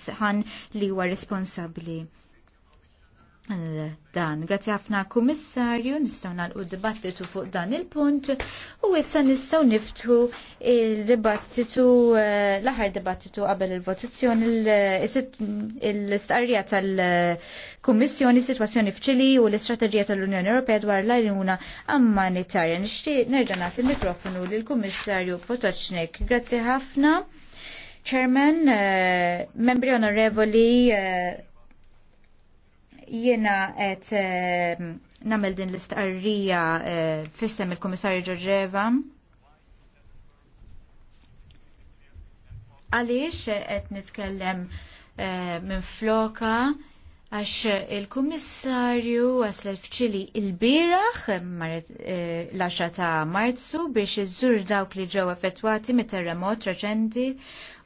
sħan li huwa responsabbli dan. Grazzi ħafna kummissarju, nistgħu nagħlqu dibattitu fuq dan il-punt u issa nistgħu niftu il-dibattitu eh, l-aħħar dibattitu qabel il-votazzjoni il-istqarrija tal-Kummissjoni sitwazzjoni f'Ċili u l-istrateġija tal-Unjoni Ewropea dwar l-għajnuna ammanitarja. Nixtieq nerġa' nagħti il-mikrofonu lill-Kummissarju Potoċnik. Grazzi ħafna. Chairman, uh, membri onorevoli, uh, jiena et uh, namel din l-istqarrija uh, fissem il-Komissarju Ġorġeva. Għaliex qed nitkellem uh, minn floka għax il-Kummissarju għaslet fċili il-biraħ uh, l-10 ta' marzu biex iżżur dawk li ġew effettwati mit terremot reċenti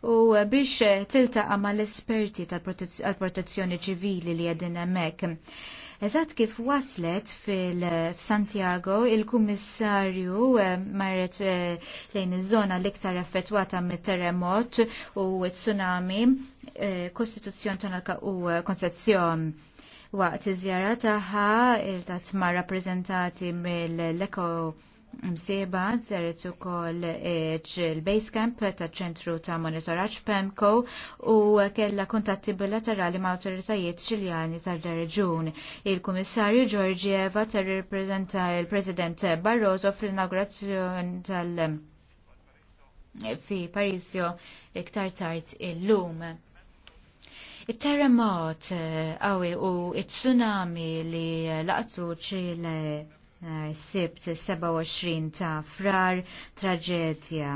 u biex tiltaqa' mal-esperti tal-protezzjoni ċivili li għedin hemmhekk. Eżatt kif waslet fil-Santiago, il-Kummissarju eh, marret eh, lejn iż-żona l-iktar effettwata mit-terremot u tsunami, eh, Kostituzzjon Tonalka u Konsezzjon. Waqt iż-żjara tagħha il-tatma rappreżentati mill-Eko mseba zeret ukoll eh, il-base camp ta' ċentru ta' monitoraġġ PEMCO u kellha kuntatti bilaterali ma' awtoritajiet ċiljani tar-reġun. Il-Kummissarju Eva ter reprezenta il-President Barroso fl-inaugurazzjoni tal- fi Parisio iktar tard illum. It-terremot qawwi eh, u t tsunami li laqtu ċile Eh, sibt 27 ta' frar traġedja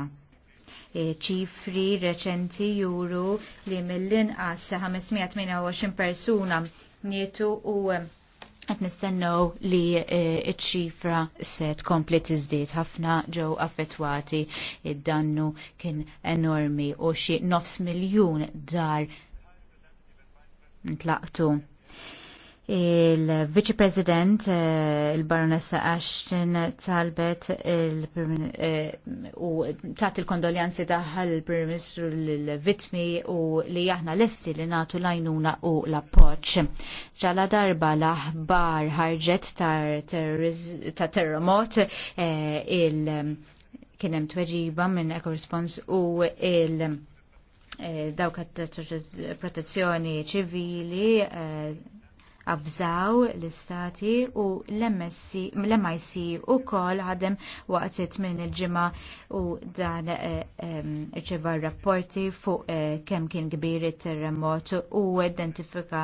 eh, ċifri reċenti juru li mill-inqas 528 persuna nietu u eh, qed nistennew li ċ-ċifra se tkompli tiżdied ħafna ġew affettwati id-dannu kien enormi u xi nofs miljun dar ntlaqtu Il-Vice President, eh, il-Baronessa Ashton, talbet eh, u tat il-kondoljanzi daħal il-Prim Ministru l-Vitmi u li jahna l-essi li natu lajnuna u l-appoċ. ċala darba l-aħbar ħarġet ta' terremot eh, il- kienem tweġiba minn Response u il- dawk protezzjoni ċivili avżaw l-istati u l-MIC u kol ħadem waqt minn il ġimgħa u dan eh, irċeva rapporti fuq eh, kemm kien kbir it-terremot u identifika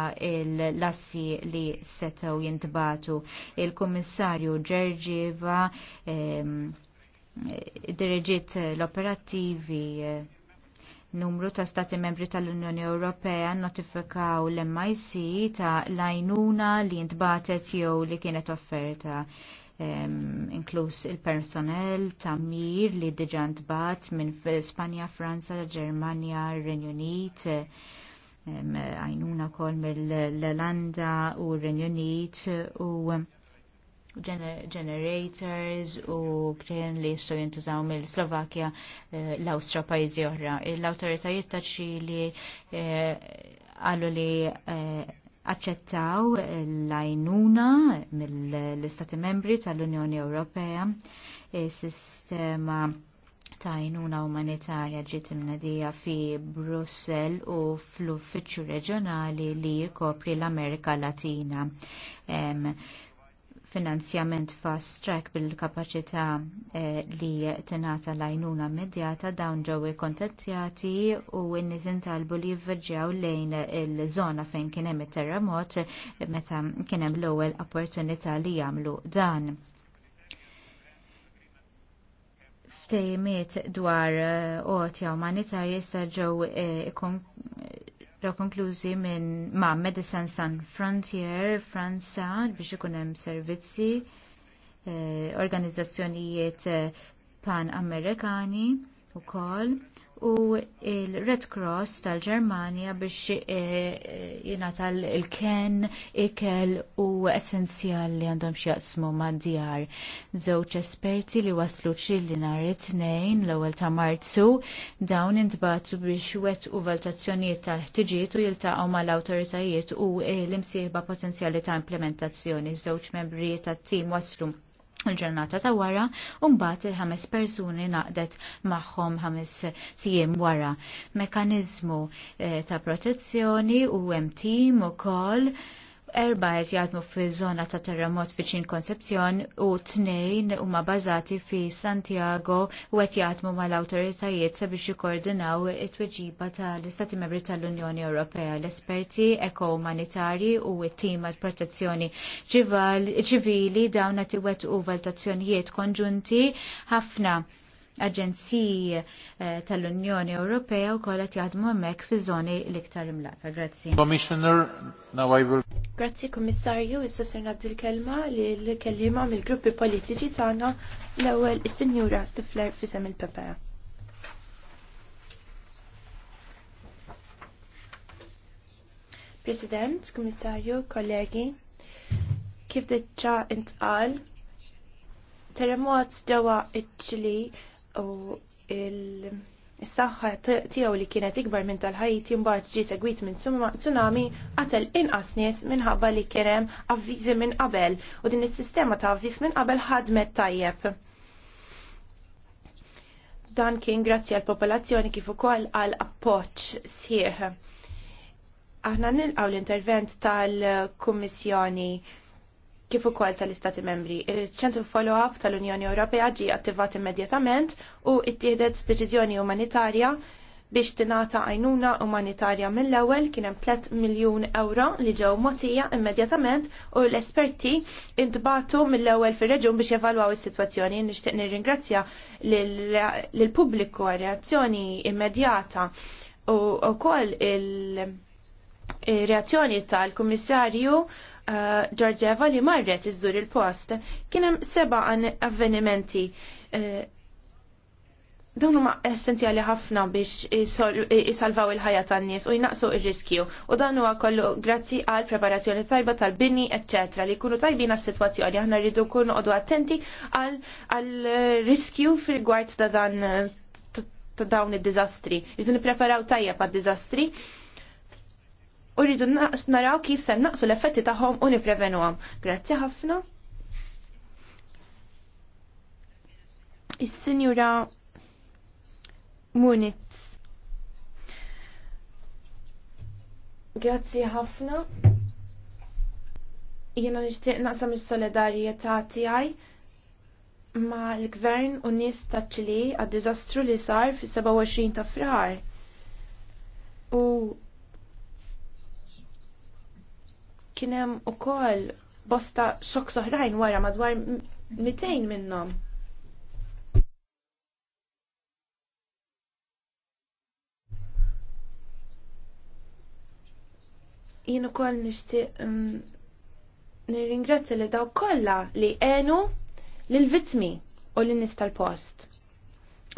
l-assi li setgħu jintbatu. Il-Kummissarju Ġerġieva direġiet l-operattivi eh, Numru ta' stati membri tal-Unjoni Ewropea notifikaw l-MIC ta' lajnuna li intbatet jew li kienet offerta um, inkluż il-personel ta' mir li diġà ntbat minn Spanja, Franza, Ġermanja, Renju Unit, għajnuna um, wkoll mill-Landa u Renju Unit u um, generators u kien li jistgħu jintużaw mill-Slovakkja eh, l-Awstra pajjiżi oħra. L-awtoritajiet ta' Ċili għallu eh, li eh, aċċettaw l-għajnuna mill-Istati Membri tal-Unjoni Ewropea sistema ta' għajnuna umanitarja ġiet imnedija fi Brussell u fl-uffiċċju reġjonali li jkopri l-Amerika Latina finanzjament fast track bil-kapacità eh, li tingħata l-għajnuna immedjata dawn ġew ikkuntattjati u n-nies intalbu li jivverġjaw lejn il-żona fejn kien hemm it-terremot meta kien hemm l-ewwel opportunità li jagħmlu dan. Ftejmiet dwar qotja eh, umanitarji sa ġew eh, ikun Ra konklużi minn ma' Medicine San Frontier Franza biex ikun hemm servizzi eh, organizzazzjonijiet eh, pan-Amerikani u kol u il-Red Cross tal ġermanja biex eh, eh, jingħata il ken ikel u essenzjal li għandhom xjaqsmu mad djar. Żewġ esperti li waslu ċilli nhar it-tnejn l ewwel ta' marzu dawn intbatu biex wet u valutazzjonijiet tal-ħtiġiet u jiltaqgħu mal awtoritajiet u l-imsieħba potenzjali ta' implementazzjoni. Żewġ membri tat tim waslu il-ġurnata ta' wara, mbagħad il-ħames persuni naqdet magħhom ħames tiem wara. Mekanizmu eh, ta' protezzjoni u hemm tim ukoll erba qed fi fiż-żona ta' terremot fiċin Konsepzjon u tnejn huma bazati fi Santiago u qed jaħdmu mal-awtoritajiet sabiex jikkoordinaw it-tweġiba tal-Istati Membri tal-Unjoni Ewropea, l-esperti eko umanitari u t-tim għal protezzjoni ċivili dawn qed iwettqu valutazzjonijiet konġunti ħafna aġenziji eh, tal-Unjoni Ewropea u kollet jaħdmu hemmhekk fi zoni l-iktar imlata. Grazzi. Commissioner, now I will... Grazzi Kummissarju, issa ser nabdil l-kelma li kelliema mill-gruppi politiċi tagħna l-ewwel is-Sinjura Stifler sem il-PPE. President, Kummissarju, kollegi, kif diġà intqal, terremot ġewwa iċ-Ċili u il-saħħa tiegħu li kienet ikbar minn tal-ħajti mbagħad ġie segwit minn tsunami qatel inqas nies minħabba li kien hemm avviżi minn qabel u din is-sistema ta' avviż minn qabel ħadmet tajjeb. Dan kien grazzi għall popolazzjoni kif ukoll għal appoġġ sħiħ. Aħna nilqgħu l-intervent tal-Kummissjoni kif ukoll tal-Istati Membri. Il-ċentru follow-up tal-Unjoni Ewropea ġie attivat immedjatament u ttieħdet deċiżjoni umanitarja biex tingħata għajnuna umanitarja mill-ewwel kien hemm 3 miljun euro li ġew mogħtija immedjatament u l-esperti intbatu mill-ewwel fir-reġun biex jevalwaw is-sitwazzjoni. Nixtieq nirringrazzja lill pubbliku għar reazzjoni immedjata u wkoll il-reazzjoni tal-Kummissarju Ġorġeva li marret iżdur il-post. Kien hemm seba' avvenimenti eh, dawn huma essenzjali ħafna biex isalvaw il-ħajja tan-nies u jnaqsu ir-riskju u dan huwa kollu grazzi għal preparazzjoni tajba tal-bini eċċetra, li jkunu tajbin għas-sitwazzjoni aħna rridu kunu qogħdu attenti għal riskju fil-gwart ta' dan ta' dawn id-diżastri. Rridu nippreparaw tajjeb għad-diżastri u rridu naraw kif se naqsu l-effetti tagħhom u nipprevenuhom. Grazzi ħafna. Is-Sinjura Muniz. Grazzi ħafna. Jiena nixtieq naqsam is-solidarjetà tiegħi ma l-gvern u nies ta' ċili għad-diżastru li sar fis-27 ta' frar. U Kienem u koll bosta xok soħrajn wara madwar 200 minnom. jien ukoll nixtieq mm, nirringrazzja li daw kollha li għenu l vittmi u lin nies l post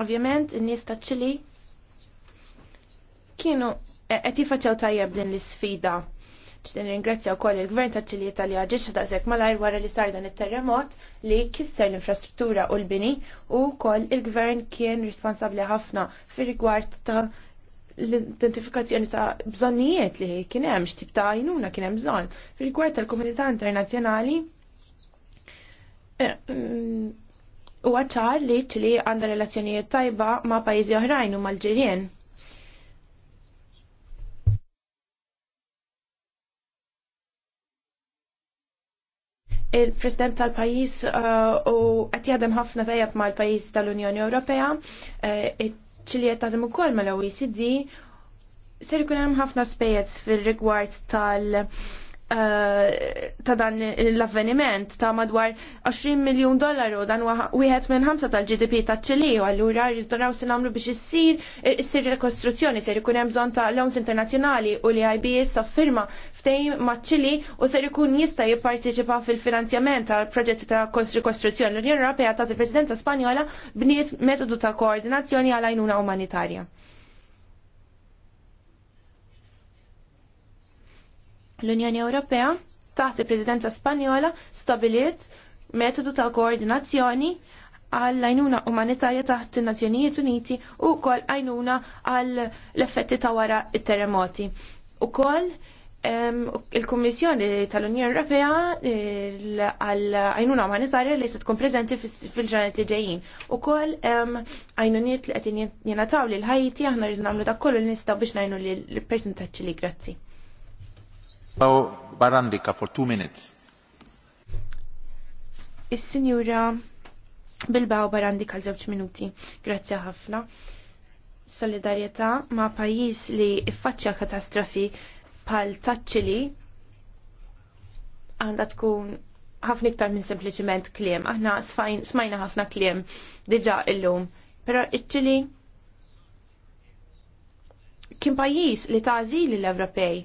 Ovvjament in-nies ta' Ċili kienu e- qed jifaċċew tajjeb din l-isfida ċten ringrazzja wkoll il-Gvern ta' Ċilji Italja ta' daqshekk malajr wara li sar dan it-terremot li kisser l-infrastruttura u l-bini u wkoll il-Gvern kien responsabbli ħafna fir-rigward ta' l-identifikazzjoni ta' bżonnijiet li kien hemm x'tib ta' għajnuna kien hemm bżonn. Fir-rigward tal-komunità internazzjonali eh, mm, u għacċar li ċili għanda relazzjonijiet tajba ma' pajizi oħrajn u mal-ġirien. il-President tal-pajis uh, u qed jaħdem ħafna tajjeb mal-pajis tal-Unjoni Ewropea, uh, ċilje taħdem ukoll mal-OECD, ser jkun hemm ħafna spejjeż fir-rigward tal- Eh, ta' dan l-avveniment ta' madwar 20 miljon dollaru dan wieħed minn ħamsa tal-GDP ta' ċili u allura rridu naraw se nagħmlu biex issir issir rekostruzzjoni ser ikun hemm bżonn ta' loans internazzjonali u li IB issa firma ftehim ma' ċili u ser ikun jista' jipparteċipa fil-finanzjament ta' proġetti ta' rikostruzzjoni. L-Unjoni Ewropea ta' il-Presidenza Spanjola bniet metodu ta' koordinazzjoni għal għajnuna umanitarja. L-Unjoni Ewropea taħt il-Presidenza Spanjola stabiliet metodu ta' koordinazzjoni għall għajnuna umanitarja taħt il-Nazzjonijiet Uniti u kol għajnuna għall effetti ta' wara il-terremoti. U kol il-Kommissjoni tal-Unjoni Ewropea għall għajnuna umanitarja li se tkun preżenti fil ġanet li ġejjin. U kol għajnuniet li qed jingħataw l Ħajti aħna rridu nagħmlu dak kollu li biex ngħinu lill persuntaċi li grazzi. Barandika for two minutes. Is-Sinjura Bilbao Barandika għal żewġ minuti. Grazzi ħafna. Solidarjetà ma' pajjiż li iffaċċja katastrofi bħal taċċili għandha tkun ħafna iktar minn sempliċiment kliem. Aħna smajna ħafna kliem diġà illum. Però iċ-ċili kien pajjiż li tażili l-Ewropej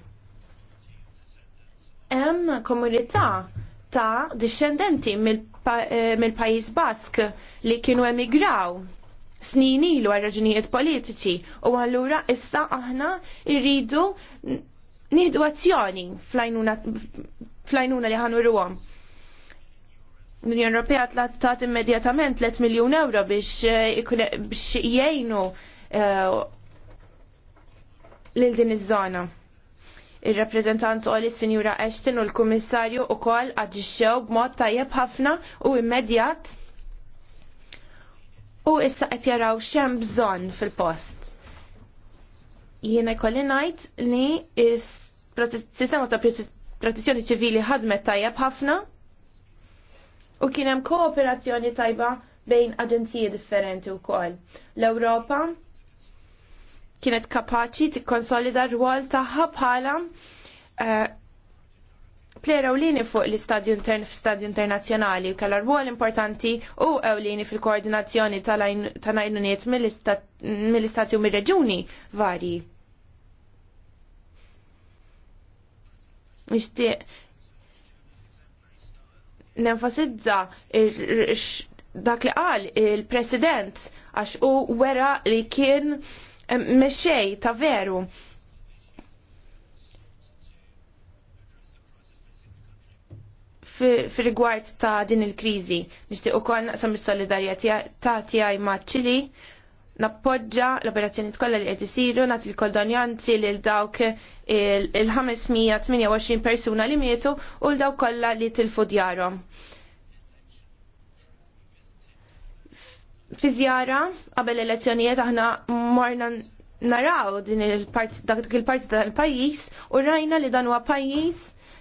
hemm komunità ta' discendenti eh, mill-Pajjiż Bask li kienu emigraw snin ilu għal raġunijiet politiċi u allura issa aħna irridu nieħdu azzjoni għajnuna li ħanu ruhom. L-Unjoni Ewropea tlattat immedjatament 3 miljun euro biex eh, jgħinu eh, lil din iż-żona. Il-rappresentant Oli Sinjura Ashton u l-Kummissarju u kol b'mod tajjeb ħafna u immedjat u issa qed jaraw x'hemm bżonn fil-post. Jiena jkolli ngħid li s-sistema ta' protezzjoni ċivili ħadmet tajjeb ħafna u kien hemm kooperazzjoni tajba bejn aġenziji differenti wkoll. L-Ewropa kienet kapaċi tikkonsolida r-rwol tagħha bħala eh, plera u lini fuq l-istadju intern f'stadju internazzjonali u kellha rwol importanti u ewlieni fil-koordinazzjoni tal-għajnuniet mill istadju u mir-reġuni varji. Nixtieq nenfasizza dak li qal il-President għax u wera li kien Mexej, ta' veru. fir rigward ta' din il-krizi. Nishtiq ukoll naqsam is-solidarjetà ta' tiegħi ma' Ċili nappoġġa l-operazzjoni kollha li qed isiru nagħti l-kondonjanzi lil dawk il-528 persuna li mietu u l dawk kollha li tilfu djarhom. Fi żjara qabel elezzjonijiet aħna morna naraw din il-parti tal-pajjiż u rajna li dan huwa pajjiż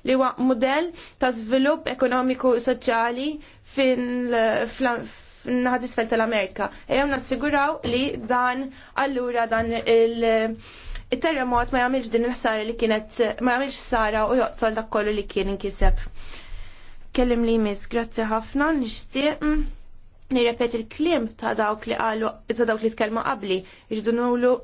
li huwa modell ta' żvilupp ekonomiku u soċjali fin-naħat isfel tal-Amerika. Ejjew nassiguraw li dan allura dan il- il-terremot ma jagħmilx din il-ħsara li kienet ma jagħmilx sara u joqtol dak kollu li kien inkiseb. Kellim li miss, grazzi ħafna, nixtieq nirrepet il-klim ta' dawk li qalu ta' dawk li tkellmu qabli, irridu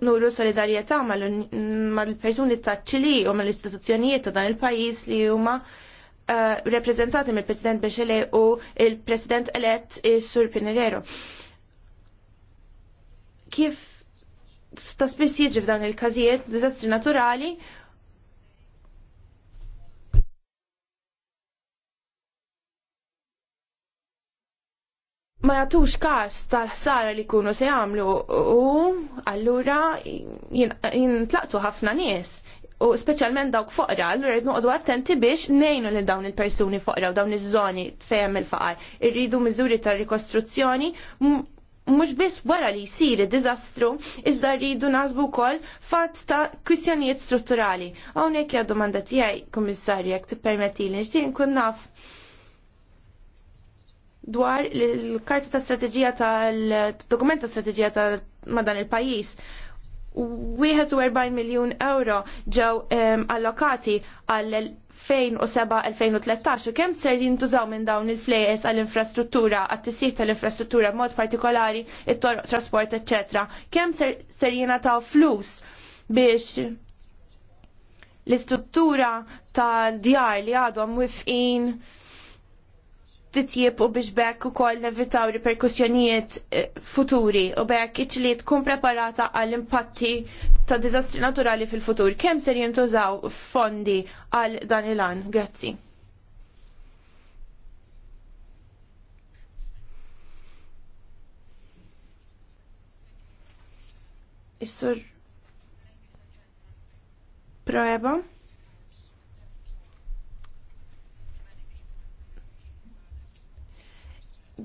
nuru solidarjetà mal-persuni ta' ċili u mal-istituzzjonijiet ta' dan il-pajjiż li huma eh, rappresentati mill-President Bexele u il-President elett eh, Sur Pinerero. Kif ta' spiss jiġi f'dan il-każijiet, diżastri naturali ma jatux kas tal-ħsara li kunu se jagħmlu u allura jintlaqtu ħafna nies u speċjalment dawk foqra, allura jrid noqogħdu attenti biex ngħinu lil dawn il-persuni foqra u dawn iż-żoni tfejjem il-faqar. Irridu miżuri ta' rikostruzzjoni mhux biss wara li jsir id-diżastru, iżda rridu nażbu wkoll fatt ta' kwistjonijiet strutturali. Hawnhekk hija domanda tiegħi, Kummissarju, jekk tippermettili nixtieq nkun naf dwar l-karta ta' strategija tal-dokument ta' strategija ta' madan il-pajis. 41 miljon euro ġew allokati għall 2007-2013 u kemm ser jintużaw minn dawn il-flejes għall-infrastruttura, għat tisir tal-infrastruttura mod partikolari, it-torq trasport, etc. Kemm ser, ser flus biex l-istruttura tal-djar li għadhom wifqin titjib u biex bekk u koll nevitaw riperkussjonijiet eh, futuri u bekk iċli tkun preparata għall impatti ta' dizastri naturali fil-futur. Kem ser jintużaw fondi għal dan il-an? Grazzi. Is-sur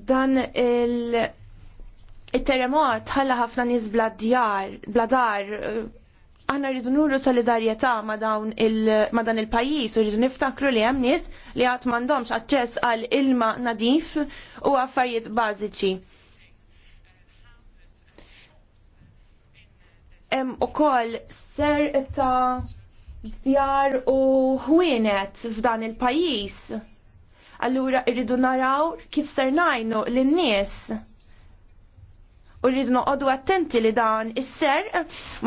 dan il- Il-terremot ħalla ħafna nies bladjar, bladar, għanna rridu nuru solidarjetà ma dan il-pajis u rridu niftakru li hemm nies li għat mandomx aċċess għal ilma nadif u affarijiet bażiċi. Hemm ukoll ser ta' djar u ħwienet f'dan il-pajis. Allura irridu naraw kif ser najnu lin-nies. U rridu noqogħdu attenti li dan is-ser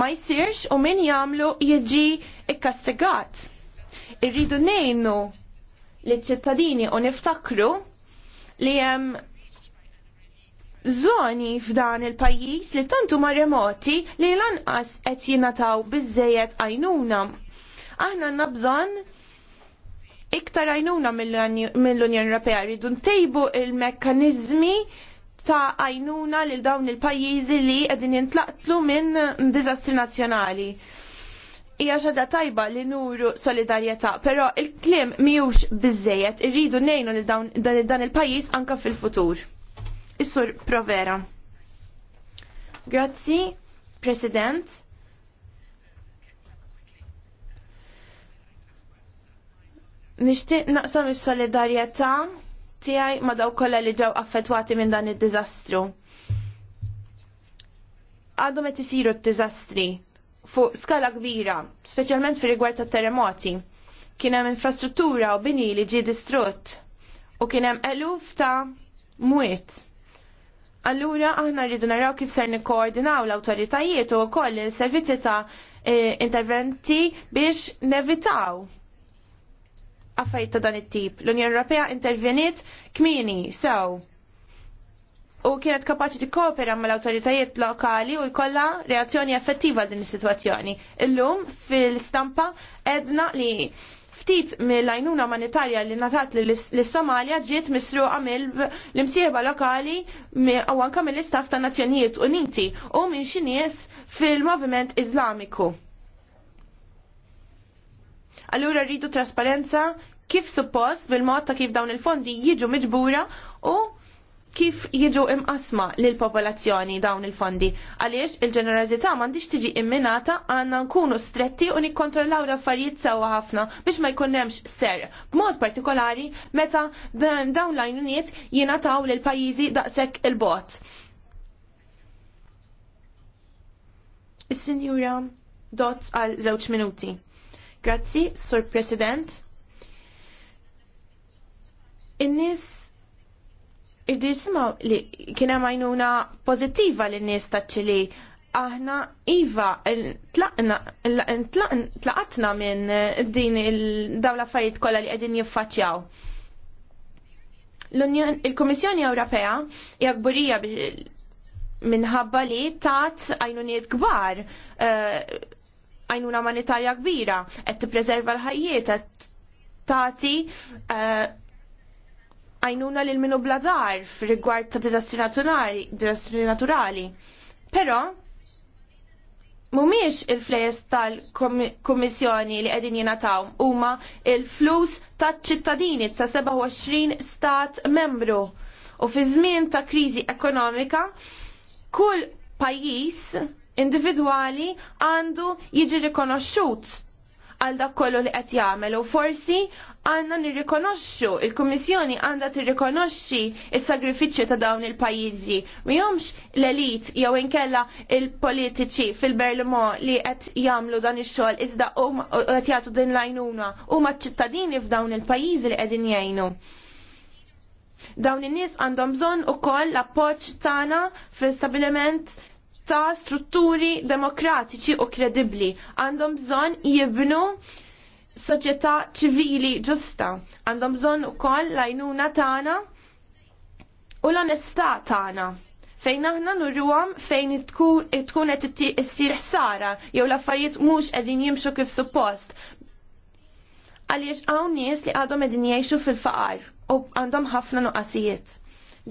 ma jsirx u min jagħmlu jiġi ikkastigat. Irridu ngħinu li ċittadini u niftakru li hemm zoni f'dan il-pajjiż li tantu ma remoti li lanqas qed jingħataw biżejjed għajnuna. Aħna nabżon bżonn iktar għajnuna mill-Unjoni Ewropea rridu ntejbu il-mekkanizmi ta' għajnuna lil dawn il-pajjiżi li qegħdin jintlaqtlu minn diżastri nazzjonali. Hija xada tajba li nuru solidarjetà, però il-klim miħux biżejjed irridu ngħinu lil dan il-pajjiż anke fil-futur. Is-sur Provera. Grazzi, President. Nixtieq naqsam is-solidarjetà tiegħi ma' daw kollha li ġew affettwati minn dan id-diżastru. Għadhom qed isiru d-diżastri fuq skala kbira, speċjalment fir rigward tat terremoti. Kien hemm infrastruttura u bini li ġie distrutt u kien hemm eluf ta' mwiet. Allura aħna rridu naraw kif ser nikkoordinaw l-awtoritajiet u wkoll il-servizzi ta' eh, interventi biex nevitaw affajt ta' dan it-tip. L-Unjoni Ewropea interveniet kmini sew u kienet kapaċi tikkopera mal awtoritajiet lokali u jkollha reazzjoni effettiva din is-sitwazzjoni. Illum fil-stampa edna li ftit mill-għajnuna umanitarja li natat lis somalia ġiet misruqa mill-imsieħba lokali u anka mill-istaff ta' Nazzjonijiet Uniti u minn xi nies fil-Moviment Iżlamiku. Allura rridu trasparenza kif suppost bil-mod ta' kif dawn il-fondi jiġu miġbura u kif jiġu imqasma lil popolazzjoni dawn il-fondi. Għaliex il-ġenerozità m'għandix tiġi imminata għandna nkunu stretti u nikkontrollaw l-affarijiet sewwa ħafna biex ma jkunnemx ser. B'mod partikolari meta dawn l-għajnuniet jingħataw lil pajjiżi daqshekk il-bot. Is-Sinjura dot għal żewġ minuti. Grazzi, Sur President. In-nies irdi jisimaw li kiena majnuna pozittiva li lin nies Ċili, aħna iva tlaqatna minn din il-dawla affarijiet kollha li qegħdin jiffaċċjaw. Il-Kummissjoni Ewropea hija gburija minħabba li tat għajnuniet kbar eh, għajnuna manitarja kbira, qed prezerva l-ħajjiet, t-tati eh, għajnuna lil minu blazar f'rigward ta' dizastri naturali. Però mumiex il-flejes tal komissjoni li qegħdin jingħataw huma il-flus taċ-ċittadini ta' 27 stat membru. U fi żmien ta' kriżi ekonomika, kull pajjiż individwali għandu jiġi rikonoxxut għal dak kollu li qed jagħmel u forsi għandna nirrikonoxxu, il-Kummissjoni għandha tirrikonoxxi s sagrifiċċju ta' dawn il-pajjiżi. Mhijomx l-elit jew inkella il-politiċi fil-Berlimo li qed jagħmlu dan ix-xogħol iżda qed jagħtu din lajnuna huma ċ-ċittadini f'dawn il-pajjiżi li qegħdin jgħinu. Dawn in-nies għandhom bżonn ukoll l-appoġġ tagħna fl-istabiliment ta' strutturi demokratiċi u kredibbli. Għandhom bżonn jibnu soċjetà ċivili ġusta. Għandhom bżonn ukoll l-għajnuna tagħna u l-onestà tagħna fejn aħna nurruhom fejn tkun qed issir ħsara jew l-affarijiet mhux qegħdin jimxu kif suppost. Għaliex hawn nies li għadhom qegħdin jgħixu fil-faqar u għandhom ħafna nuqqasijiet.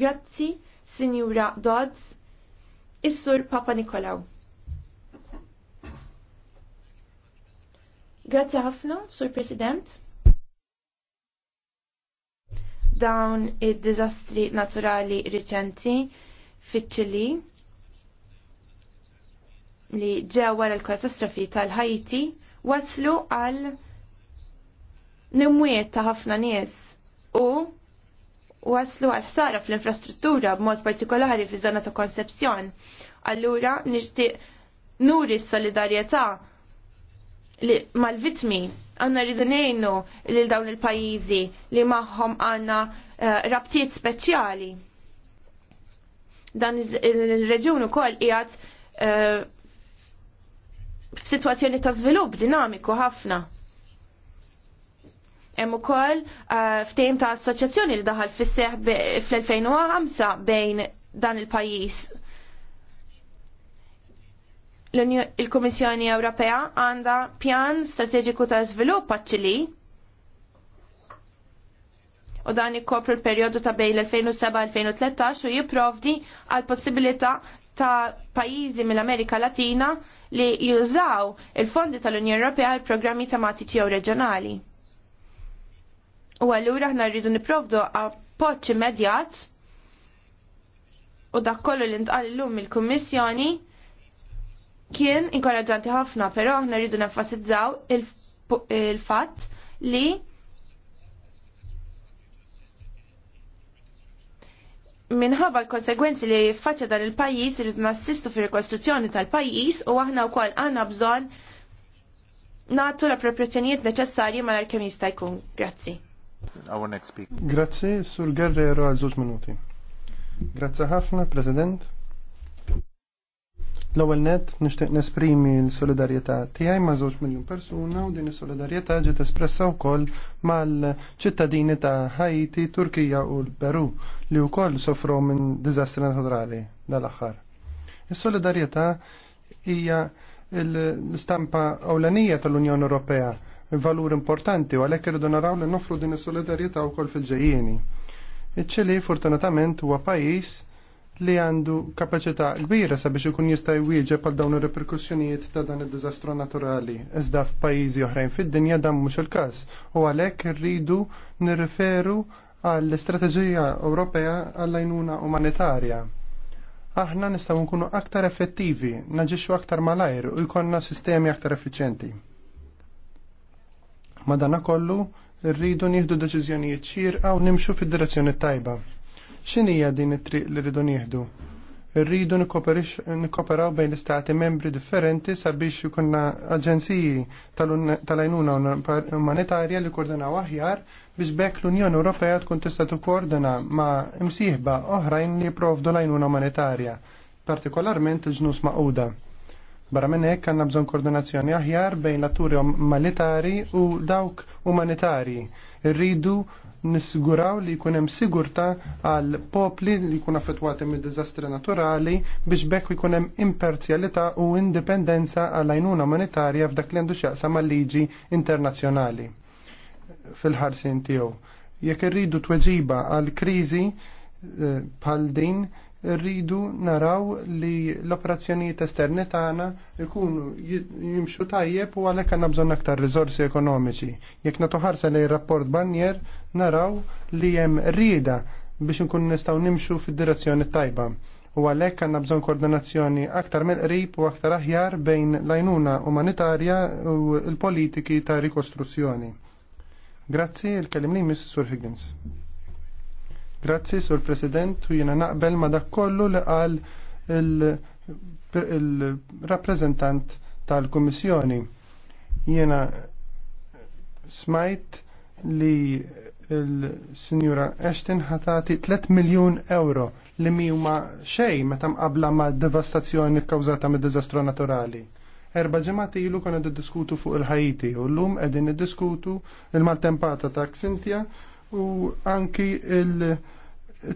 Grazzi, Sinjura Dodds, Is-Sur Papa Nikolaw. Grazzi ħafna, Sur President. Dawn id-diżastri naturali riċenti fiċ li ġew wara l-katastrofi tal-Ħajti waslu għal nimwiet ta' ħafna nies u U waslu għal ħsara fl-infrastruttura b'mod partikolari fi żona ta' konsepzjon. Allura nixtieq nuri s-solidarjetà mal-vitmi għanna rridu nejnu l dawn il-pajizi li maħħom għanna uh, eh, rabtiet speċjali. Dan il-reġun u koll jgħat uh, eh, f-situazzjoni ta' zvilup dinamiku ħafna. Hemm ukoll eh, ftehim ta' assoċjazzjoni li daħal fis-seħ fl-2005 bejn dan il-pajjiż il-Komissjoni Ewropea għandha pjan strateġiku ta' żvilupp għaċ-Ċili u dan ikopru l-perjodu ta' bejn l-2007-2013 u jipprovdi għal possibilità ta' pajjiżi mill-Amerika Latina li jużaw il-fondi tal-Unjoni Ewropea għal programmi tematiċi u reġjonali. U għallura ħna rridu niprovdu appoċ immedjat u dak kollu li ntqal illum il-Kummissjoni kien inkoraġanti ħafna, però ħna rridu nenfasizzaw il-fatt li minħabba l-konsegwenzi li faċċa dan il-pajis irridu nassistu fir rikostruzzjoni tal-pajis u aħna wkoll għandna bżonn natu l-appropriazzjonijiet neċessarji ma l jista' jkun. Grazzi. Our next speaker. Grazie, Sur Guerrero għal żewġ minuti. Grazzi ħafna, President. L-ewwel net nixtieq nesprimi l-solidarjetà tiegħi ma' żewġ miljun persuna u din is-solidarjetà ġiet espressa wkoll mal-ċittadini ta' Haiti, Turkija u l-Peru li wkoll sofru minn diżastri naturali dal-aħħar. Is-solidarjetà hija l-istampa ewlenija tal-Unjoni Ewropea valur importanti u għalhekk irridu naraw li nofru din is-solidarjetà wkoll fil-ġejjieni. Iċ-Ċili fortunatament huwa pajjiż li għandu kapaċità kbira sabiex ikun jista' jwieġeb għal dawn ir-reperkussjonijiet ta' dan id-diżastru naturali. Iżda f'pajjiżi oħrajn fid-dinja dan mhux il-każ u għalhekk irridu nirriferu għall-istrateġija Ewropea għall-għajnuna umanitarja aħna nistgħu nkunu aktar effettivi, naġixxu aktar malajr u jkollna sistemi aktar effiċjenti. Madana kollu, rridu nieħdu deċiżjonijiet xierqa u nimxu fid-direzzjoni tajba. hija din it-triq li rridu nieħdu? Rridu nikkoperaw bejn l-istati membri differenti sabiex ikunna aġenziji tal-għajnuna umanitarja li koordinaw aħjar biex bekk l-Unjoni Ewropea tkun tista' tikkoordina ma' imsieħba oħrajn li jipprovdu l-għajnuna umanitarja, partikolarment il-ġnus maquda. Barra minn hekk għandna bżonn koordinazzjoni aħjar bejn l-atturi militari u dawk umanitarji. Irridu nisguraw li jkun hemm sigurtà għal popli li jkun affettwati mid diżastri naturali biex bekk jkun hemm imparzjalità u indipendenza għal għajnuna umanitarja f'dak li għandu x'jaqsam mal-liġi internazzjonali fil-ħarsin tiegħu. Jekk irridu tweġiba għal kriżi eh, bħal din rridu naraw li l-operazzjonijiet esterni tagħna jkunu jimxu tajjeb u għalhekk għandna bżonn aktar riżorsi ekonomiċi. Jekk nagħtu ħarsa lejn rapport Barnier naraw li hemm rieda biex nkun nistgħu nimxu fid-direzzjoni tajba. U għalhekk għandna bżonn koordinazzjoni aktar mill-qrib u aktar aħjar bejn l-għajnuna umanitarja u l-politiki ta' rikostruzzjoni. Grazzi, il-kellim Mr. Sur Higgins. Grazzi, Sur President, u jiena naqbel ma dak kollu li qal il-rappresentant tal-Kummissjoni. Jiena smajt li il-Sinjura Ashton ħatati 3 miljun euro li mi huma xej meta qabla ma' devastazzjoni kkawżata mid diżastru naturali. Erba ġemati ilu konna diskutu fuq il-ħajti u l-lum edin diskutu il-maltempata ta' Xintia u anki il-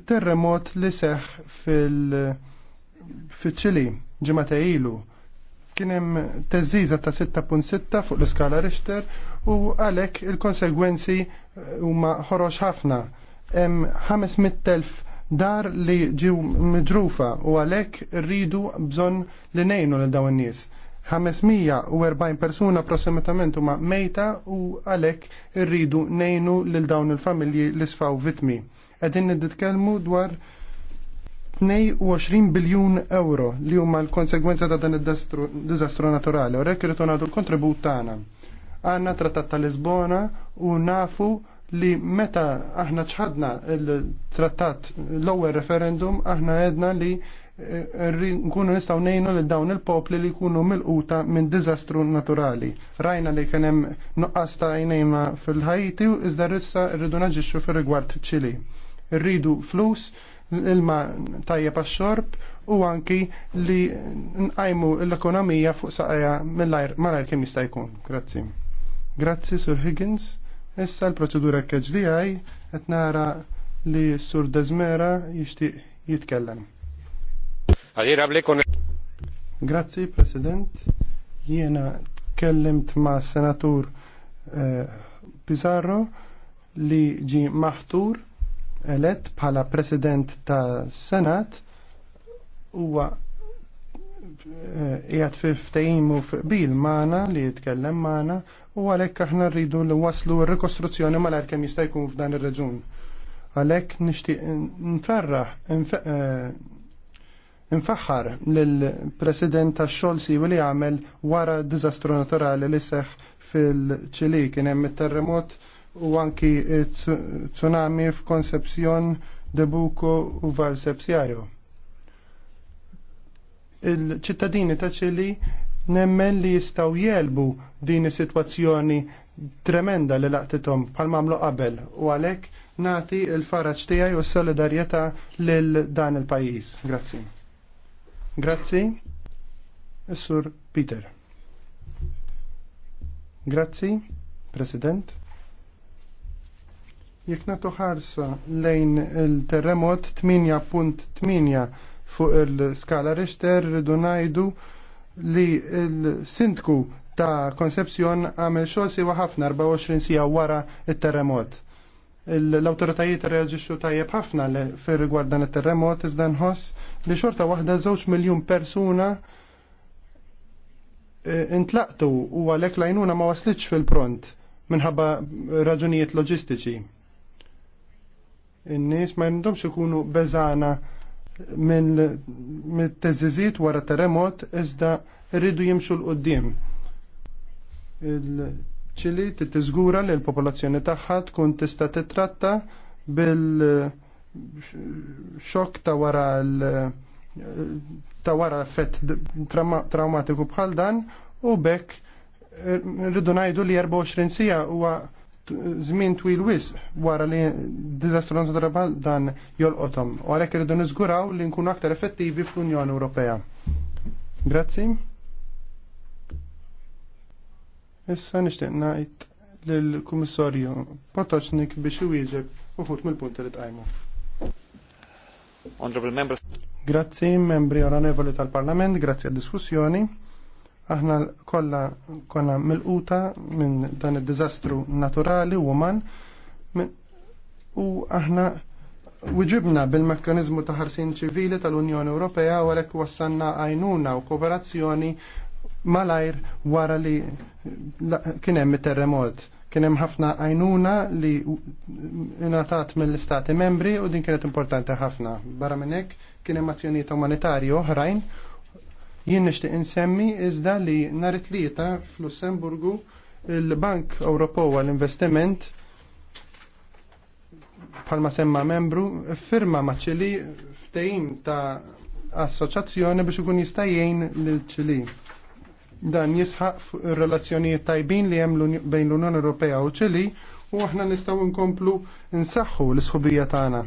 terremot li seħ fil-ċili ġimata ilu. Kienem teżiza ta' 6.6 fuq l-iskala Richter u għalek il-konsegwenzi eh, huma ħorox ħafna. Hemm 500.000 dar li ġew miġrufa u għalek rridu bżonn li nejnu lil dawn nies. 540 persuna approssimatament huma mejta u għalek rridu nejnu lil dawn il-familji li sfaw vitmi Qegħdin nitkellmu dwar 22 biljun euro li huma l-konsegwenza ta' dan id-diżastru naturali, u rek irritu nagħtu l-kontribut tagħna. Għanna Trattat ta' Lisbona u nafu li meta aħna ċħadna il-trattat l-ewwel referendum aħna għedna li eh, nkunu nistaw nejnu li dawn il-popli li jkunu quta minn diżastru naturali. Rajna li kien hemm jnejma fil-Ħajti iżda rissa rridu naġixxu fil rigward Ċili rridu flus, ilma tajja pa' xorb u anki li nqajmu l-ekonomija fuq saqajja mal-ajr kemm jista' jkun. Grazzi. Grazzi, Sur Higgins. Issa l-proċedura KHDI qed nara li Sur Dezmera jixtieq jitkellem. Grazzi, President. Jiena tkellimt ma' Senatur eh, Pizarro li ġi maħtur elett bħala president ta' Senat huwa qiegħed eh, fi ftehim u fqbil magħna li jitkellem magħna u għalhekk aħna rridu li waslu r-rikostruzzjoni malajr kemm jista' jkun f'dan ir-reġun. Għalhekk nixtieq nferraħ Infaħħar eh, lill president tax-Xogħol siwi li għamel wara d diżastru naturali li seħħ fil-ċili kien hemm it-terremot u anki eh, tsunami f'Konsepzjon, Buko u Valsepsjajo. Il-ċittadini ta' ċili nemmen li jistaw jelbu din is-sitwazzjoni tremenda li laqtitom bħal mamlu qabel u għalek nati il-faraċ tijaj u s-solidarieta lil dan il-pajis. Grazzi. Grazzi, Sur Peter. Grazzi, President. Jekk natu ħarsa lejn il-terremot 8.8 fuq il-skala Richter rridu ngħidu li il sindku ta' Konsepzjon għamel xogħol siwa ħafna 24 sija wara il terremot L-awtoritajiet reaġixxu tajjeb ħafna fir rigward il it-terremot iżda nħoss li xorta waħda żewġ miljun persuna e, intlaqtu u għalhekk lajnuna ma waslitx fil-pront minħabba raġunijiet loġistiċi in-nies ma jimdomx ikunu beżana mill-teżiżiet wara terremot iżda rridu jimxu l-qoddim. Il-ċili titiżgura li l-popolazzjoni tagħha tkun tista' titratta bil xokk ta' wara l- ta' wara effett traumatiku bħal dan u bekk rridu ngħidu li 24 sija huwa żmien twil wisq wara li diżastru naturali dan jolqothom u għalek rridu niżguraw li nkunu aktar effettivi fl-Unjoni Ewropea. Grazzi. Issa nixtieq ngħid lill-Kummissarju Potocznik biex iwieġeb uħut mill-punti li tqajmu. Honorable members. Grazzi, membri onorevoli tal-Parlament, grazzi għad-diskussjoni. Aħna kollha konna mil-quta minn dan id-diżastru naturali u man u aħna Wġibna bil-mekkanizmu ta' ħarsin ċivili tal-Unjoni Ewropea u għalhekk wassanna għajnuna u kooperazzjoni malajr wara li kien hemm terremot. Kien hemm ħafna għajnuna li ingħatat mill-Istati membri u din kienet importanti ħafna. Barra minn hekk kien hemm azzjonijiet umanitarji oħrajn Jien nixtieq insemmi iżda li nhar it-tlieta f'Lussemburgu il-Bank Ewropew għall-Investiment bħalma semma membru firma ma'Ċili ċili ftehim ta' assoċjazzjoni biex ikun jista' jgħin lil ċili Dan jisħaq ir-relazzjonijiet tajbin li hemm bejn l-Unjoni Ewropea u Ċili u aħna nistgħu nkomplu nsaħħu l-isħubija tagħna.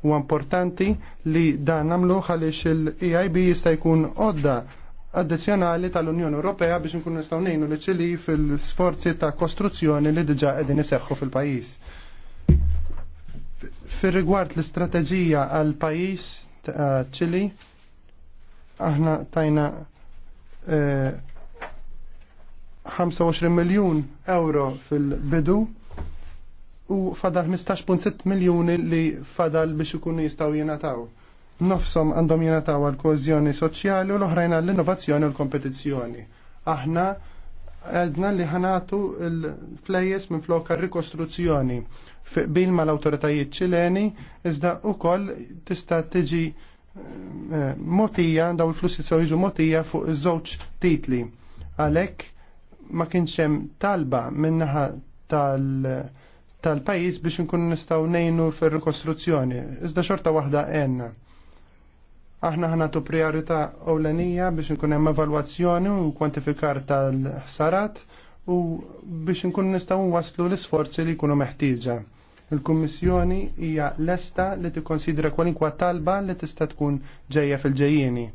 U importanti li dan namlu għaliex il-EIB jista' jkun għodda addizzjonali tal-Unjoni Ewropea biex nkun nistgħu ngħinu li ċili fil-sforzi ta' kostruzzjoni li diġà qegħdin iseħħu fil-pajjiż. Fir-rigward l-istrateġija għal pajjiż ta' ċili, aħna tajna 25 eh, miljun euro fil-bidu u fadal 15.6 miljoni li fadal biex ikunu jistaw jenataw. Nofsom għandhom jenataw għal-kozjoni soċjali u l-oħrajn għall-innovazzjoni u l-kompetizzjoni. Aħna għedna li ħanatu l-flejes minn floka rikostruzzjoni bil ma l-autoritajiet ċileni iżda u koll tista tiġi eh, motija, daw il-flussi sew jiġu motija fuq iż-żewġ titli. Għalek ma kienx hemm talba minnaħa tal- tal-pajis biex nkun nistaw nejnu fil-rikostruzzjoni. Iżda xorta waħda għenna. Aħna ħana tu priorita ewlenija biex nkun hemm evalwazzjoni u kwantifikar tal-ħsarat u biex nkun nistaw waslu l-isforzi li jkunu meħtieġa. Il-Kummissjoni hija lesta li tikkonsidra kwalinkwa talba li tista' tkun ġejja fil-ġejjieni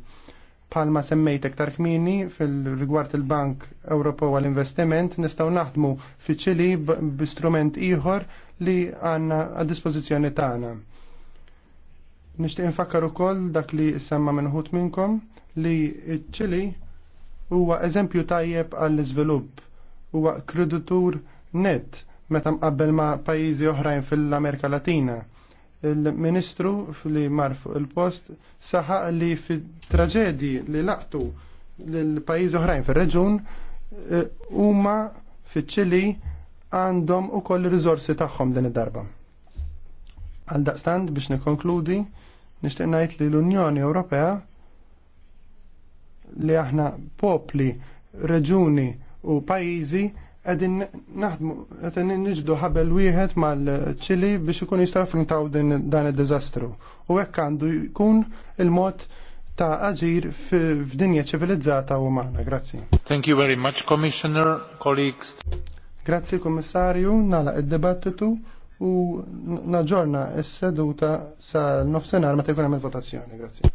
palma semmejt iktar kmini fil-rigward il-Bank Ewropew għal-Investiment nistgħu naħdmu fiċili b'istrument ieħor li għandna għad-dispożizzjoni tagħna. Nixtieq infakkar ukoll dak li semma minħut minnkom li ċili huwa eżempju tajjeb għall-iżvilupp, huwa kreditur net meta mqabbel ma' pajjiżi oħrajn fil-Amerika Latina il-Ministru li marf il-post saħaq li fit-traġedi li laqtu l-pajiz oħrajn fil-reġun eh, huma fiċ-ċili għandhom u koll rizorsi tagħhom din id-darba. Għal daqstand biex nikkonkludi, nixtieq ngħid li l-Unjoni Ewropea li aħna popli, reġuni u pajjiżi Għedin naħdmu, għedin nġdu ħabel wieħed mal-ċili biex ikun jista'ffrontaw dan il-dizastru. U hekk għandu jkun il-mod ta' aġir f'dinja ċivilizzata u maħna. Grazzi. Thank you very much, Commissioner, colleagues. Grazzi, Kommissarju, nala id-debattitu u naġġorna s-seduta sa' nofsenar ma ta' jkun hemm il-votazzjoni. Grazzi.